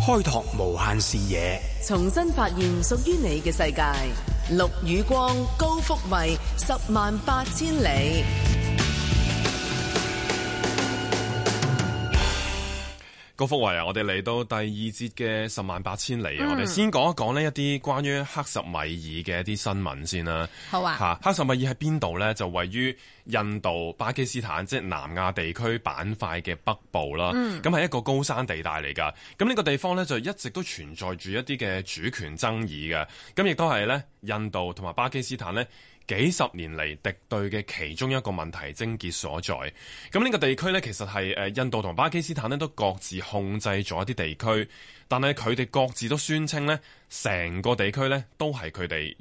開拓無限視野，重新發現屬於你嘅世界。綠雨光，高福位，十萬八千里。高福威啊，我哋嚟到第二節嘅十萬八千里啊、嗯，我哋先講,講一講呢一啲關於克什米爾嘅一啲新聞先啦。好啊，嚇克什米爾喺邊度呢？就位於印度巴基斯坦即係、就是、南亞地區板塊嘅北部啦。咁、嗯、係一個高山地帶嚟㗎。咁呢個地方呢，就一直都存在住一啲嘅主權爭議嘅。咁亦都係呢印度同埋巴基斯坦呢。幾十年嚟敵對嘅其中一個問題症結所在，咁呢個地區呢，其實係誒印度同巴基斯坦呢都各自控制咗一啲地區，但係佢哋各自都宣稱呢，成個地區呢都係佢哋。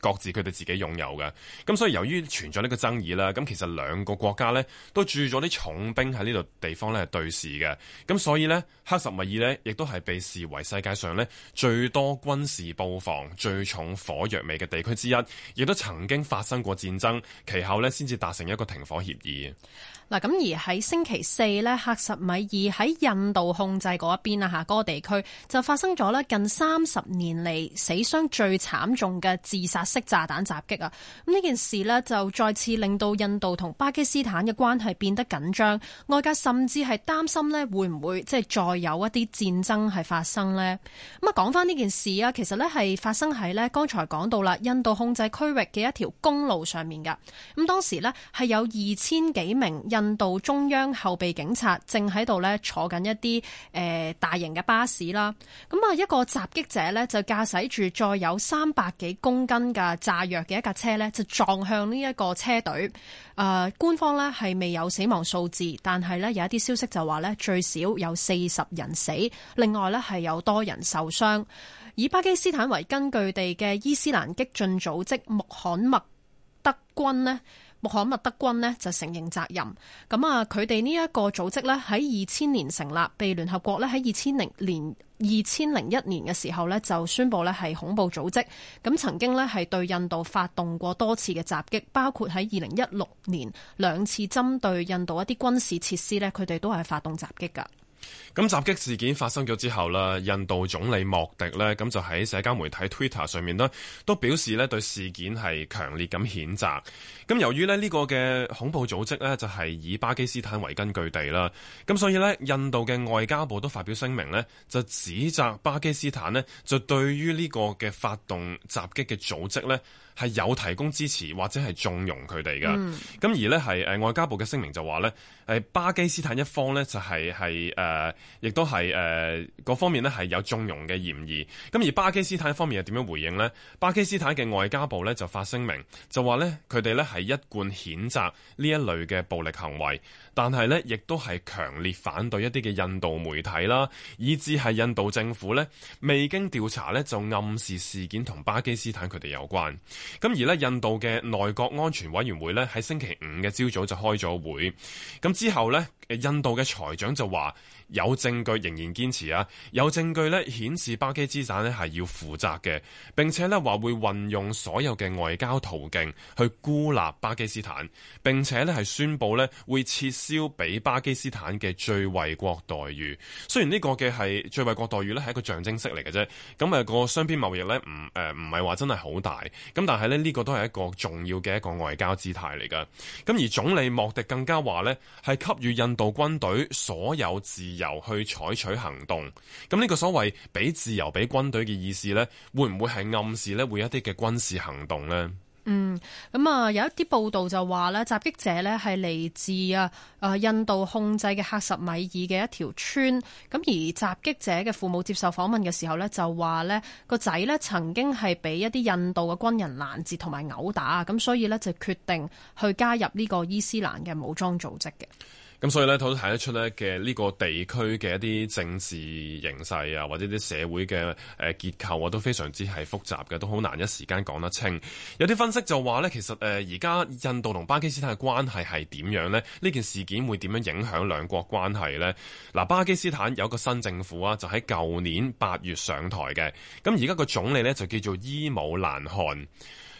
各自佢哋自己擁有嘅，咁所以由於存在呢個爭議啦，咁其實兩個國家呢都駐咗啲重兵喺呢度地方呢係對峙嘅，咁所以呢，喀什米爾呢亦都係被視為世界上呢最多軍事布防、最重火藥味嘅地區之一，亦都曾經發生過戰爭，其後呢，先至達成一個停火協議。嗱咁而喺星期四咧，克什米爾喺印度控制嗰一邊啊，吓、那、嗰個地區就發生咗咧近三十年嚟死傷最慘重嘅自殺式炸彈襲擊啊！咁呢件事咧就再次令到印度同巴基斯坦嘅關係變得緊張，外界甚至係擔心咧會唔會即係再有一啲戰爭係發生咧。咁啊講翻呢件事啊，其實咧係發生喺咧剛才講到啦，印度控制區域嘅一條公路上面噶。咁當時咧係有二千幾名。印度中央後備警察正喺度呢坐緊一啲誒、呃、大型嘅巴士啦，咁啊一個襲擊者呢就駕駛住載有三百幾公斤嘅炸藥嘅一架車呢，就撞向呢一個車隊。誒、呃，官方呢係未有死亡數字，但係呢有一啲消息就話呢最少有四十人死，另外呢係有多人受傷。以巴基斯坦為根據地嘅伊斯蘭激進組織穆罕默德軍呢。穆罕默德軍咧就承認責任，咁啊佢哋呢一個組織呢喺二千年成立，被聯合國呢喺二千零年、二千零一年嘅時候呢就宣佈呢係恐怖組織，咁曾經呢係對印度發動過多次嘅襲擊，包括喺二零一六年兩次針對印度一啲軍事設施呢，佢哋都係發動襲擊噶。咁襲擊事件發生咗之後啦，印度總理莫迪呢，咁就喺社交媒體 Twitter 上面呢，都表示呢對事件係強烈咁譴責。咁由於呢呢個嘅恐怖組織呢，就係以巴基斯坦為根據地啦，咁所以呢，印度嘅外交部都發表聲明呢，就指責巴基斯坦呢，就對於呢個嘅發動襲擊嘅組織呢。係有提供支持或者係縱容佢哋嘅，咁而呢係外交部嘅聲明就話呢，誒巴基斯坦一方呢、就係，就係係誒，亦、呃、都係誒嗰方面呢，係有縱容嘅嫌疑。咁而巴基斯坦方面又點樣回應呢？巴基斯坦嘅外交部呢，就發聲明就話呢，佢哋呢係一貫譴責呢一類嘅暴力行為，但係呢，亦都係強烈反對一啲嘅印度媒體啦，以至係印度政府呢，未經調查呢，就暗示事件同巴基斯坦佢哋有關。咁而咧，印度嘅內閣安全委員會呢，喺星期五嘅朝早就開咗會，咁之後呢，印度嘅財長就話，有證據仍然堅持啊！有證據咧顯示巴基斯坦咧係要負責嘅，並且咧話會運用所有嘅外交途徑去孤立巴基斯坦，並且咧係宣布咧會撤銷俾巴基斯坦嘅最惠國待遇。雖然呢個嘅係最惠國待遇咧係一個象徵式嚟嘅啫，咁、那、啊個雙邊貿易咧唔誒唔係話真係好大，咁但係咧呢、這個都係一個重要嘅一個外交姿態嚟㗎。咁而總理莫迪更加話咧係給予印度軍隊所有自由。由去採取行動，咁呢個所謂俾自由俾軍隊嘅意思呢，會唔會係暗示呢？會有一啲嘅軍事行動呢？嗯，咁啊有一啲報道就話呢，襲擊者呢係嚟自啊啊印度控制嘅喀什米爾嘅一條村，咁而襲擊者嘅父母接受訪問嘅時候呢，就話呢個仔呢曾經係俾一啲印度嘅軍人攔截同埋毆打，咁所以呢，就決定去加入呢個伊斯蘭嘅武裝組織嘅。咁所以咧，都睇得出咧嘅呢個地區嘅一啲政治形勢啊，或者啲社會嘅誒結構啊，啊都非常之係複雜嘅，都好難一時間講得清。有啲分析就話咧，其實誒而家印度同巴基斯坦嘅關係係點樣呢？呢件事件會點樣影響兩國關係呢？嗱，巴基斯坦有個新政府啊，就喺舊年八月上台嘅。咁而家個總理咧就叫做伊姆蘭汗。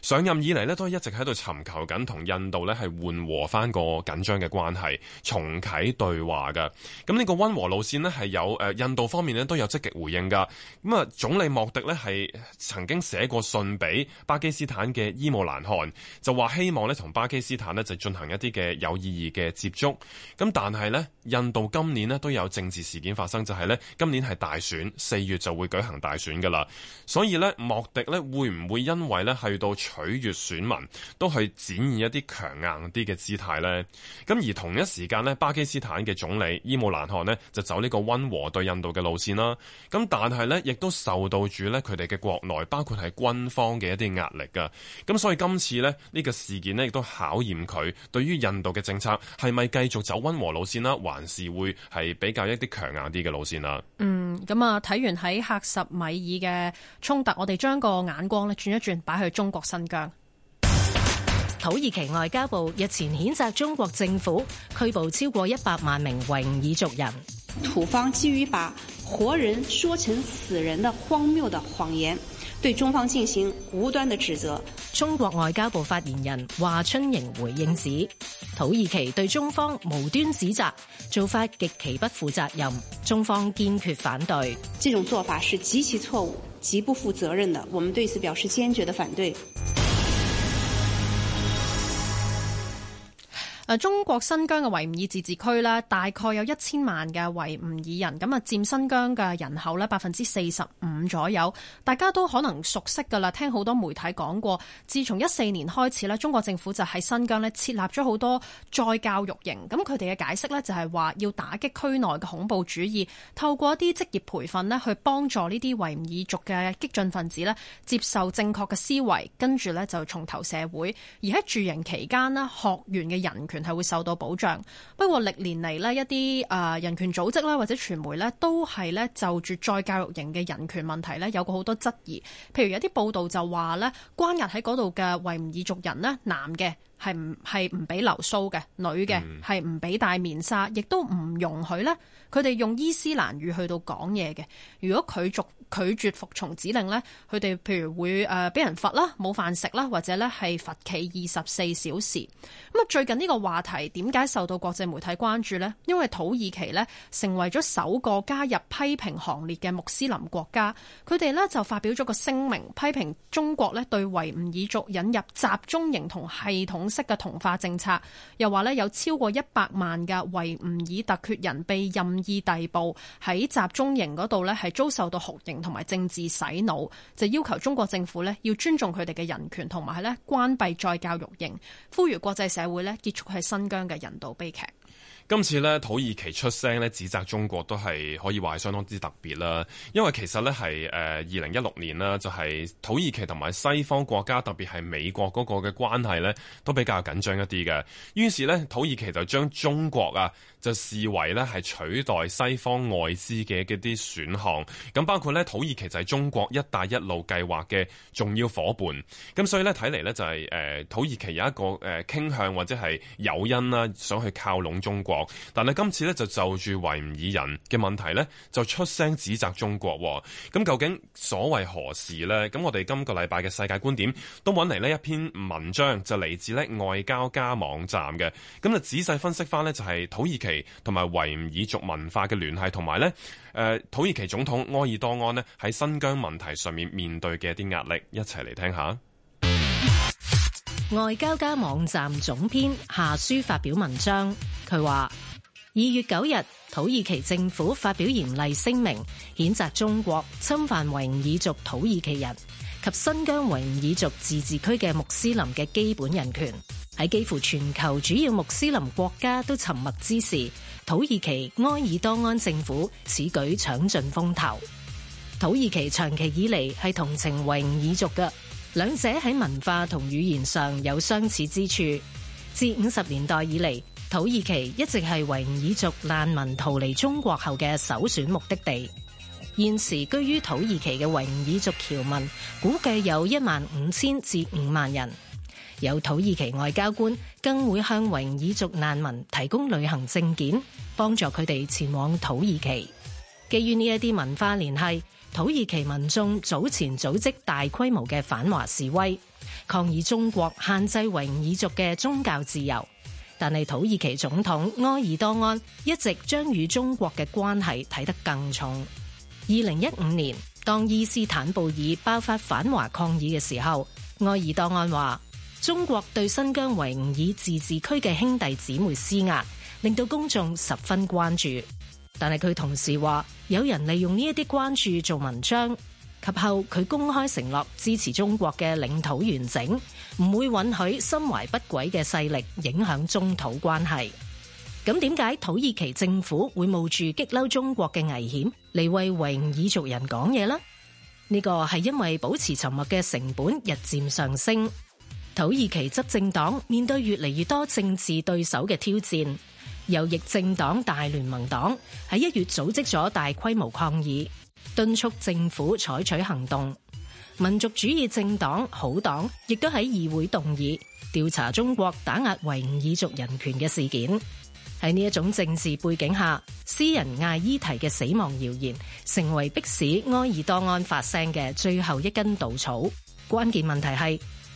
上任以嚟都一直喺度尋求緊同印度呢係緩和翻個緊張嘅關係，重啟對話㗎。咁、這、呢個溫和路線呢係有、呃、印度方面呢都有積極回應噶。咁啊總理莫迪呢係曾經寫過信俾巴基斯坦嘅伊姆蘭汗，就話希望呢同巴基斯坦呢就進行一啲嘅有意義嘅接觸。咁但係呢，印度今年呢都有政治事件發生，就係、是、呢今年係大選，四月就會舉行大選噶啦。所以呢，莫迪呢會唔會因為呢去到，取悅選民，都去展現一啲強硬啲嘅姿態咧。咁而同一時間咧，巴基斯坦嘅總理伊姆蘭汗咧就走呢個溫和對印度嘅路線啦。咁但係咧，亦都受到住咧佢哋嘅國內包括係軍方嘅一啲壓力噶。咁所以今次咧呢個事件咧亦都考驗佢對於印度嘅政策係咪繼續走溫和路線啦，還是會係比較一啲強硬啲嘅路線啦。嗯，咁啊睇完喺喀什米爾嘅衝突，我哋將個眼光咧轉一轉擺去中國身。土耳其外交部日前譴責中國政府拘捕超過一百萬名維吾爾族人。土方基於把活人說成死人的荒謬的謊言，對中方進行無端的指責。中國外交部發言人華春瑩回應指，土耳其對中方無端指責做法極其不負責任，中方堅決反對。這種做法是極其錯誤、極不負責任的，我們對此表示堅決的反對。誒，中國新疆嘅維吾爾自治區大概有一千萬嘅維吾爾人，咁啊佔新疆嘅人口咧百分之四十五左右。大家都可能熟悉噶啦，聽好多媒體講過。自從一四年開始呢，中國政府就喺新疆呢設立咗好多再教育營。咁佢哋嘅解釋呢就係話要打擊區內嘅恐怖主義，透過一啲職業培訓呢去幫助呢啲維吾爾族嘅激進分子呢接受正確嘅思維，跟住呢，就重投社會。而喺住營期間呢，學員嘅人。全係會受到保障，不過歷年嚟呢一啲啊、呃、人權組織啦或者傳媒呢都係呢就住再教育營嘅人權問題呢有過好多質疑，譬如有啲報道就話呢關押喺嗰度嘅維吾爾族人呢，男嘅係唔係唔俾留鬚嘅，女嘅係唔俾戴面紗，亦都唔容許呢。佢哋用伊斯蘭語去到講嘢嘅，如果拒絕拒絕服從指令呢，佢哋譬如會誒俾人罰啦，冇飯食啦，或者呢係罰企二十四小時。咁啊，最近呢個話題點解受到國際媒體關注呢？因為土耳其呢成為咗首個加入批評行列嘅穆斯林國家，佢哋呢就發表咗個聲明，批評中國呢對維吾爾族引入集中營同系統式嘅同化政策，又話呢，有超過一百萬嘅維吾爾突厥人被任。以逮捕喺集中營嗰度咧，係遭受到酷刑同埋政治洗腦，就要求中國政府咧要尊重佢哋嘅人權，同埋係咧關閉再教育營，呼籲國際社會咧結束喺新疆嘅人道悲劇。今次咧土耳其出聲咧指責中國都是，都係可以話係相當之特別啦。因為其實咧係誒二零一六年啦，就係、是、土耳其同埋西方國家，特別係美國嗰個嘅關係咧，都比較緊張一啲嘅。於是咧土耳其就將中國啊。就視為咧係取代西方外資嘅一啲選項，咁包括咧土耳其就係中國一帶一路計劃嘅重要伙伴，咁所以咧睇嚟咧就係、是、誒、呃、土耳其有一個誒、呃、傾向或者係誘因啦，想去靠攏中國，但係今次咧就就住維吾爾人嘅問題咧就出聲指責中國，哦，咁究竟所謂何事咧？咁我哋今個禮拜嘅世界觀點都揾嚟呢一篇文章，就嚟自咧外交家網站嘅，咁就仔細分析翻咧就係、是、土耳其。同埋維吾爾族文化嘅聯繫，同埋咧，誒、呃，土耳其總統埃爾多安咧喺新疆問題上面面對嘅一啲壓力，一齊嚟聽下。外交家網站總編夏舒發表文章，佢話：二月九日，土耳其政府發表嚴厲聲明，譴責中國侵犯維吾爾族土耳其人及新疆維吾爾族自治區嘅穆斯林嘅基本人權。喺幾乎全球主要穆斯林國家都沉默之時，土耳其埃爾多安政府此舉搶盡風頭。土耳其長期以嚟係同情維吾爾族嘅，兩者喺文化同語言上有相似之處。自五十年代以嚟，土耳其一直係維吾爾族難民逃離中國後嘅首選目的地。現時居於土耳其嘅維吾爾族僑民估計有一萬五千至五萬人。有土耳其外交官更會向維吾爾族難民提供旅行證件，幫助佢哋前往土耳其。基於呢一啲文化聯繫，土耳其民眾早前組織大規模嘅反華示威，抗議中國限制維吾爾族嘅宗教自由。但係土耳其總統埃爾多安一直將與中國嘅關係睇得更重。二零一五年，當伊斯坦布爾爆發反華抗議嘅時候，埃爾多安話。中國對新疆維吾爾自治區嘅兄弟姊妹施壓，令到公眾十分關注。但係佢同時話，有人利用呢一啲關注做文章，及後佢公開承諾支持中國嘅領土完整，唔會允許心懷不軌嘅勢力影響中土關係。咁點解土耳其政府會冒住激嬲中國嘅危險嚟為維吾爾族人講嘢呢？呢個係因為保持沉默嘅成本日漸上升。土耳其執政黨面對越嚟越多政治對手嘅挑戰，右翼政黨大聯盟黨喺一月組織咗大規模抗議，敦促政府採取行動，民族主義政黨好黨亦都喺議會動議調查中國打壓維吾爾族人權嘅事件。喺呢一種政治背景下，詩人艾伊提嘅死亡謠言成為迫使埃爾多安發聲嘅最後一根稻草。關鍵問題係。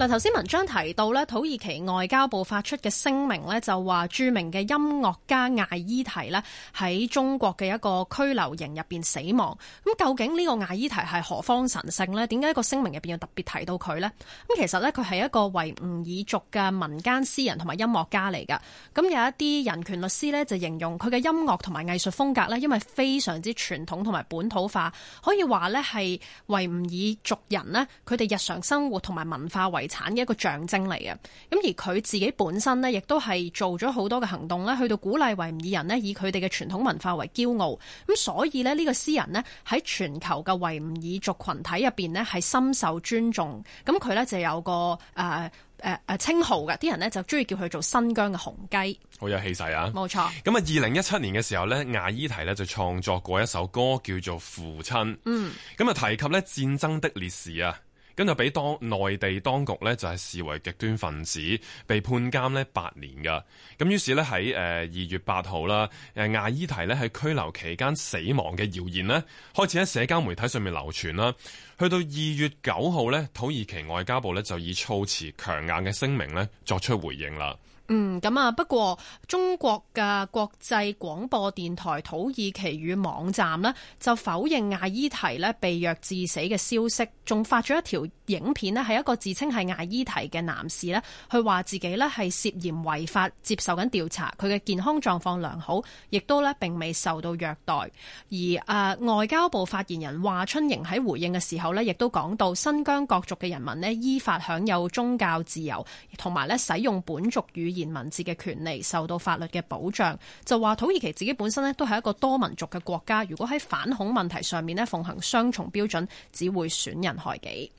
嗱，頭先文章提到咧，土耳其外交部發出嘅聲明咧，就話著名嘅音樂家艾伊提咧喺中國嘅一個拘留營入邊死亡。咁究竟呢個艾伊提係何方神聖咧？點解一個聲明入邊要特別提到佢咧？咁其實咧，佢係一個維吾爾族嘅民間詩人同埋音樂家嚟嘅。咁有一啲人權律師咧，就形容佢嘅音樂同埋藝術風格咧，因為非常之傳統同埋本土化，可以話咧係維吾爾族人咧，佢哋日常生活同埋文化為。產嘅一個象徵嚟嘅，咁而佢自己本身呢，亦都係做咗好多嘅行動咧，去到鼓勵維吾爾人咧，以佢哋嘅傳統文化為驕傲，咁所以呢，呢個詩人呢，喺全球嘅維吾爾族群體入邊呢，係深受尊重，咁佢呢，就有個誒誒誒稱號嘅，啲人呢，就中意叫佢做新疆嘅紅雞，好有氣勢啊！冇錯。咁啊，二零一七年嘅時候呢，阿伊提呢，就創作過一首歌叫做《父親》，咁、嗯、啊提及呢，戰爭的烈士啊。咁就俾當內地當局呢，就係視為極端分子，被判監呢八年噶。咁於是呢，喺誒二月八號啦，誒艾依提喺拘留期間死亡嘅謠言呢，開始喺社交媒體上面流傳啦。去到二月九號呢，土耳其外交部呢就以措辭強硬嘅聲明呢作出回應啦。嗯，咁啊，不過中國嘅國際廣播電台土耳其語網站呢，就否認艾依提呢被虐致死嘅消息，仲發咗一條影片呢，係一個自稱係艾依提嘅男士呢，佢話自己呢，係涉嫌違法接受緊調查，佢嘅健康狀況良好，亦都呢並未受到虐待。而誒、呃、外交部發言人華春瑩喺回應嘅時候呢，亦都講到新疆各族嘅人民呢，依法享有宗教自由，同埋呢使用本族語言言文字嘅權利受到法律嘅保障，就話土耳其自己本身咧都係一個多民族嘅國家，如果喺反恐問題上面咧奉行雙重標準，只會損人害己。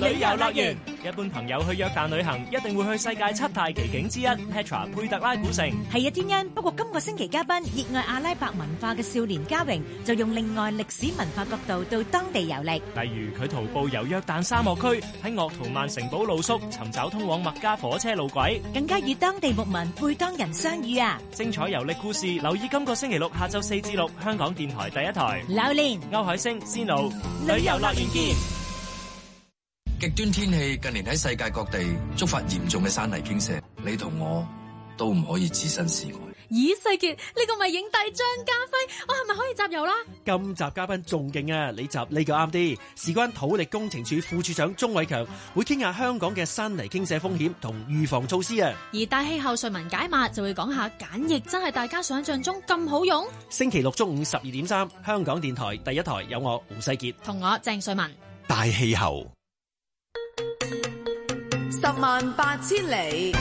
旅遊樂園，一般朋友去約旦旅行，一定會去世界七大奇景之一 Petra 佩特拉古城。係啊，天恩。不過今個星期嘉賓熱愛阿拉伯文化嘅少年嘉榮，就用另外歷史文化角度到當地遊歷。例如佢徒步遊約旦沙漠區，喺鄂圖曼城堡露宿，尋找通往麥加火車路軌，更加與當地牧民、貝都因人相遇啊！精彩遊歷故事，留意今個星期六下晝四至六，香港電台第一台。劉念、歐海星、司徒旅遊樂園見。極端天氣近年喺世界各地觸發嚴重嘅山泥傾瀉，你同我都唔可以置身事外。咦，世杰，呢、呢個咪影帝張家輝？我係咪可以集郵啦？今集嘉賓仲勁啊！你集呢個啱啲。事關土力工程處副處長鍾偉強會傾下香港嘅山泥傾瀉風險同預防措施啊。而大氣候瑞文解碼就會講下簡易真係大家想象中咁好用。星期六中午十二點三，香港電台第一台有我胡世杰同我鄭瑞文大氣候。十萬八千里。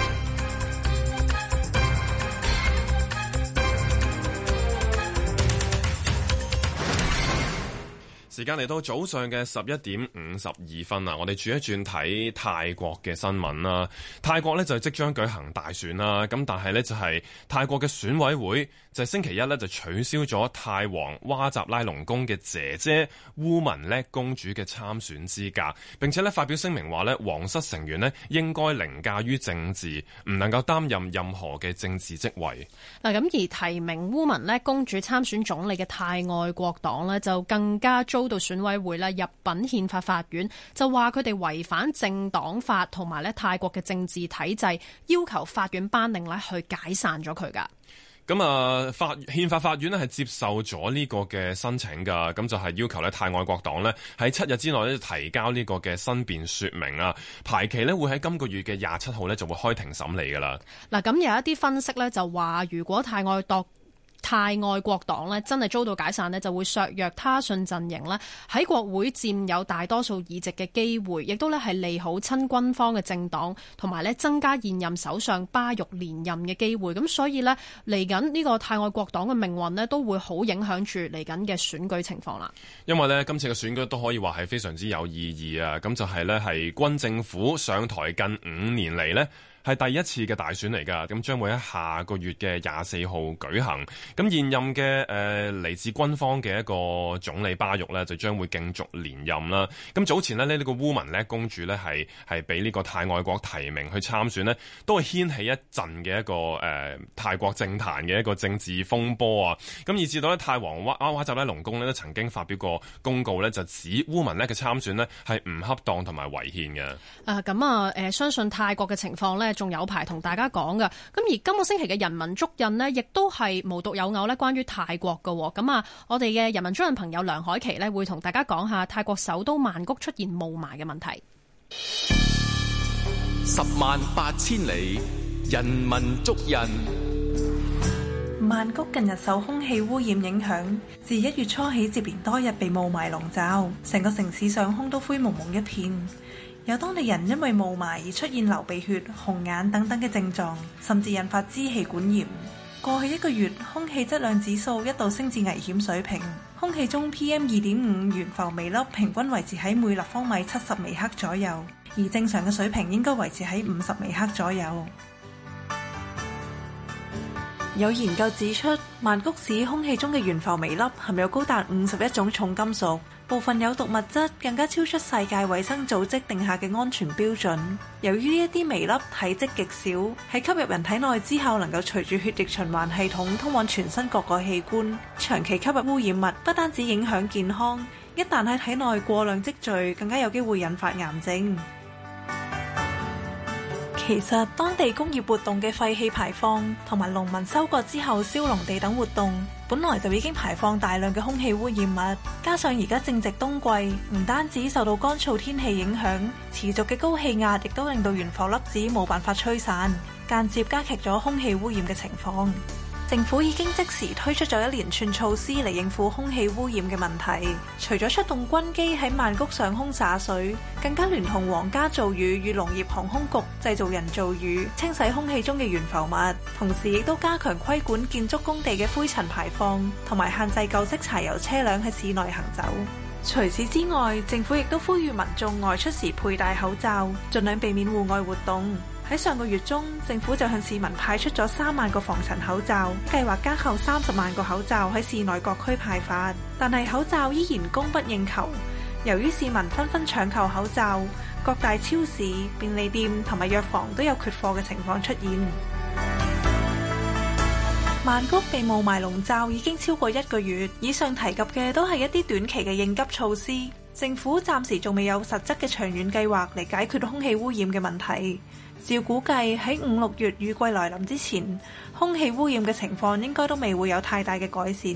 時間嚟到早上嘅十一點五十二分啦，我哋轉一轉睇泰國嘅新聞啦。泰國呢就即將舉行大選啦，咁但係呢，就係泰國嘅選委會就星期一呢就取消咗泰王哇集拉隆功嘅姐姐烏汶叻公主嘅參選資格，並且呢發表聲明話呢皇室成員呢應該凌駕於政治，唔能夠擔任任何嘅政治職位。嗱咁而提名烏汶叻公主參選總理嘅泰愛國黨呢，就更加遭到選委會啦，入禀憲法法院就話佢哋違反政黨法同埋咧泰國嘅政治體制，要求法院頒令去解散咗佢噶。咁啊、呃，法憲法法院咧係接受咗呢個嘅申請噶，咁就係要求咧泰愛國黨呢喺七日之內呢提交呢個嘅申辯說明啊，排期呢會喺今個月嘅廿七號呢就會開庭審理噶啦。嗱，咁有一啲分析呢就話，如果泰愛奪泰愛國黨呢真係遭到解散呢就會削弱他信陣營咧喺國會佔有大多數議席嘅機會，亦都呢係利好親軍方嘅政黨，同埋呢增加現任首相巴育連任嘅機會。咁所以呢，嚟緊呢個泰愛國黨嘅命運呢都會好影響住嚟緊嘅選舉情況啦。因為呢，今次嘅選舉都可以話係非常之有意義啊！咁就係呢，係軍政府上台近五年嚟，呢。係第一次嘅大選嚟㗎，咁將會喺下個月嘅廿四號舉行。咁現任嘅誒嚟自軍方嘅一個總理巴育呢，就將會競逐連任啦。咁早前呢呢、呢個烏汶叻呢公主呢，係係俾呢個泰外國提名去參選呢，都係掀起一陣嘅一個誒、呃、泰國政壇嘅一個政治風波啊。咁以至到呢泰王哇哇哇集呢龍宮呢，都曾經發表過公告呢，就指烏汶叻呢嘅參選呢係唔恰當同埋違憲嘅。啊，咁啊、呃、相信泰國嘅情況呢。仲有排同大家講噶，咁而今個星期嘅《人文足印》呢，亦都係無獨有偶呢關於泰國噶，咁啊，我哋嘅《人文足印》朋友梁凱琪呢，會同大家講下泰國首都曼谷出現霧霾嘅問題。十萬八千里，《人文足印》。曼谷近日受空氣污染影響，自一月初起接連多日被霧霾籠罩，成個城市上空都灰蒙蒙一片。有當地人因為霧霾而出現流鼻血、紅眼等等嘅症狀，甚至引發支氣管炎。過去一個月，空氣質量指數一度升至危險水平，空氣中 PM 二點五懸浮微粒平均維持喺每立方米七十微克左右，而正常嘅水平應該維持喺五十微克左右。有研究指出，曼谷市空氣中嘅懸浮微粒含有高達五十一種重金屬。部分有毒物質更加超出世界衛生組織定下嘅安全標準。由於一啲微粒體積極少，喺吸入人體內之後，能夠隨住血液循環系統通往全身各個器官。長期吸入污染物，不單止影響健康，一旦喺體內過量積聚，更加有機會引發癌症。其實，當地工業活動嘅廢氣排放，同埋農民收割之後燒農地等活動。本來就已經排放大量嘅空氣污染物，加上而家正值冬季，唔單止受到乾燥天氣影響，持續嘅高氣壓亦都令到懸浮粒子冇辦法吹散，間接加劇咗空氣污染嘅情況。政府已經即時推出咗一連串措施嚟應付空氣污染嘅問題，除咗出動軍機喺曼谷上空灑水，更加聯同皇家造雨與農業航空局製造人造雨，清洗空氣中嘅懸浮物，同時亦都加強規管建築工地嘅灰塵排放，同埋限制舊式柴油車輛喺市內行走。除此之外，政府亦都呼籲民眾外出時佩戴口罩，盡量避免戶外活動。喺上個月中，政府就向市民派出咗三萬個防塵口罩，計劃加厚三十萬個口罩喺市內各區派發。但係口罩依然供不應求，由於市民紛紛搶購口罩，各大超市、便利店同埋藥房都有缺貨嘅情況出現。曼谷被霧霾籠罩已經超過一個月。以上提及嘅都係一啲短期嘅應急措施，政府暫時仲未有實質嘅長遠計劃嚟解決空氣污染嘅問題。照估計，喺五六月雨季來臨之前，空氣污染嘅情況應該都未會有太大嘅改善。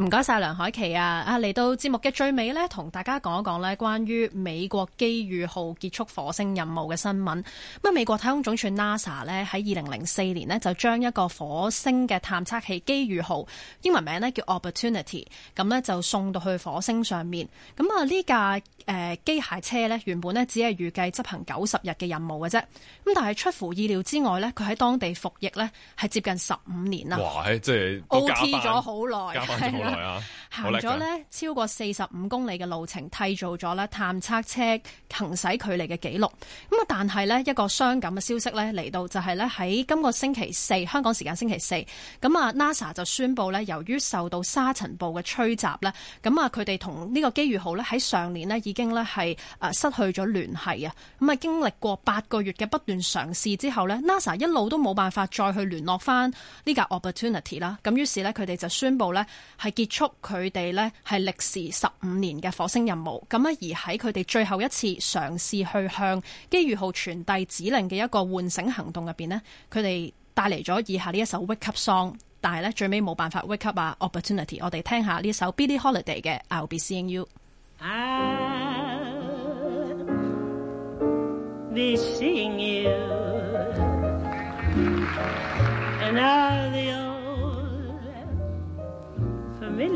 唔該晒，梁凱琪啊！啊嚟到節目嘅最尾咧，同大家講一講咧關於美國機遇號結束火星任務嘅新聞。咁啊，美國太空總署 NASA 咧，喺二零零四年咧就將一個火星嘅探測器機遇號英文名咧叫 Opportunity，咁咧就送到去火星上面。咁啊，呢架誒機、呃、械車咧原本咧只係預計執行九十日嘅任務嘅啫。咁但係出乎意料之外咧，佢喺當地服役咧係接近十五年啦。哇！即係 O.T. 咗好耐，加班咗。行咗咧超過四十五公里嘅路程，締造咗探測車行駛距離嘅紀錄。咁啊，但係一個傷感嘅消息嚟到就係喺今個星期四，香港時間星期四，咁啊 NASA 就宣布，由於受到沙塵暴嘅吹襲，咁啊佢哋同呢個機遇號喺上年已經係失去咗聯繫啊。咁啊，經歷過八個月嘅不斷嘗試之後 NASA 一路都冇辦法再去聯絡翻呢架 Opportunity 啦。咁於是佢哋就宣布係。結束佢哋咧係歷時十五年嘅火星任務，咁啊而喺佢哋最後一次嘗試去向機遇號傳遞指令嘅一個喚醒行動入邊咧，佢哋帶嚟咗以下呢一首 wake up song，但係呢，最尾冇辦法 wake up 啊 opportunity，我哋聽下呢首 Billie Holiday 嘅 I'll be seeing you。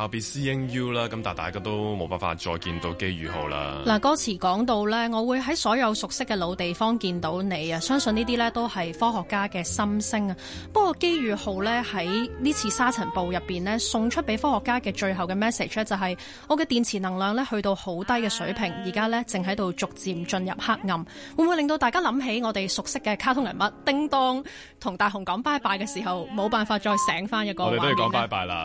告別 CNU 啦，咁但大家都冇辦法再見到機遇號啦。嗱，歌詞講到呢，我會喺所有熟悉嘅老地方見到你啊！相信呢啲呢，都係科學家嘅心聲啊。不過機遇號呢，喺呢次沙塵暴入邊呢，送出俾科學家嘅最後嘅 message 呢，就係我嘅電池能量呢，去到好低嘅水平，而家呢，正喺度逐漸進入黑暗。會唔會令到大家諗起我哋熟悉嘅卡通人物叮當同大雄講拜拜嘅時候，冇辦法再醒翻一個畫面呢？我哋都要講拜拜啦。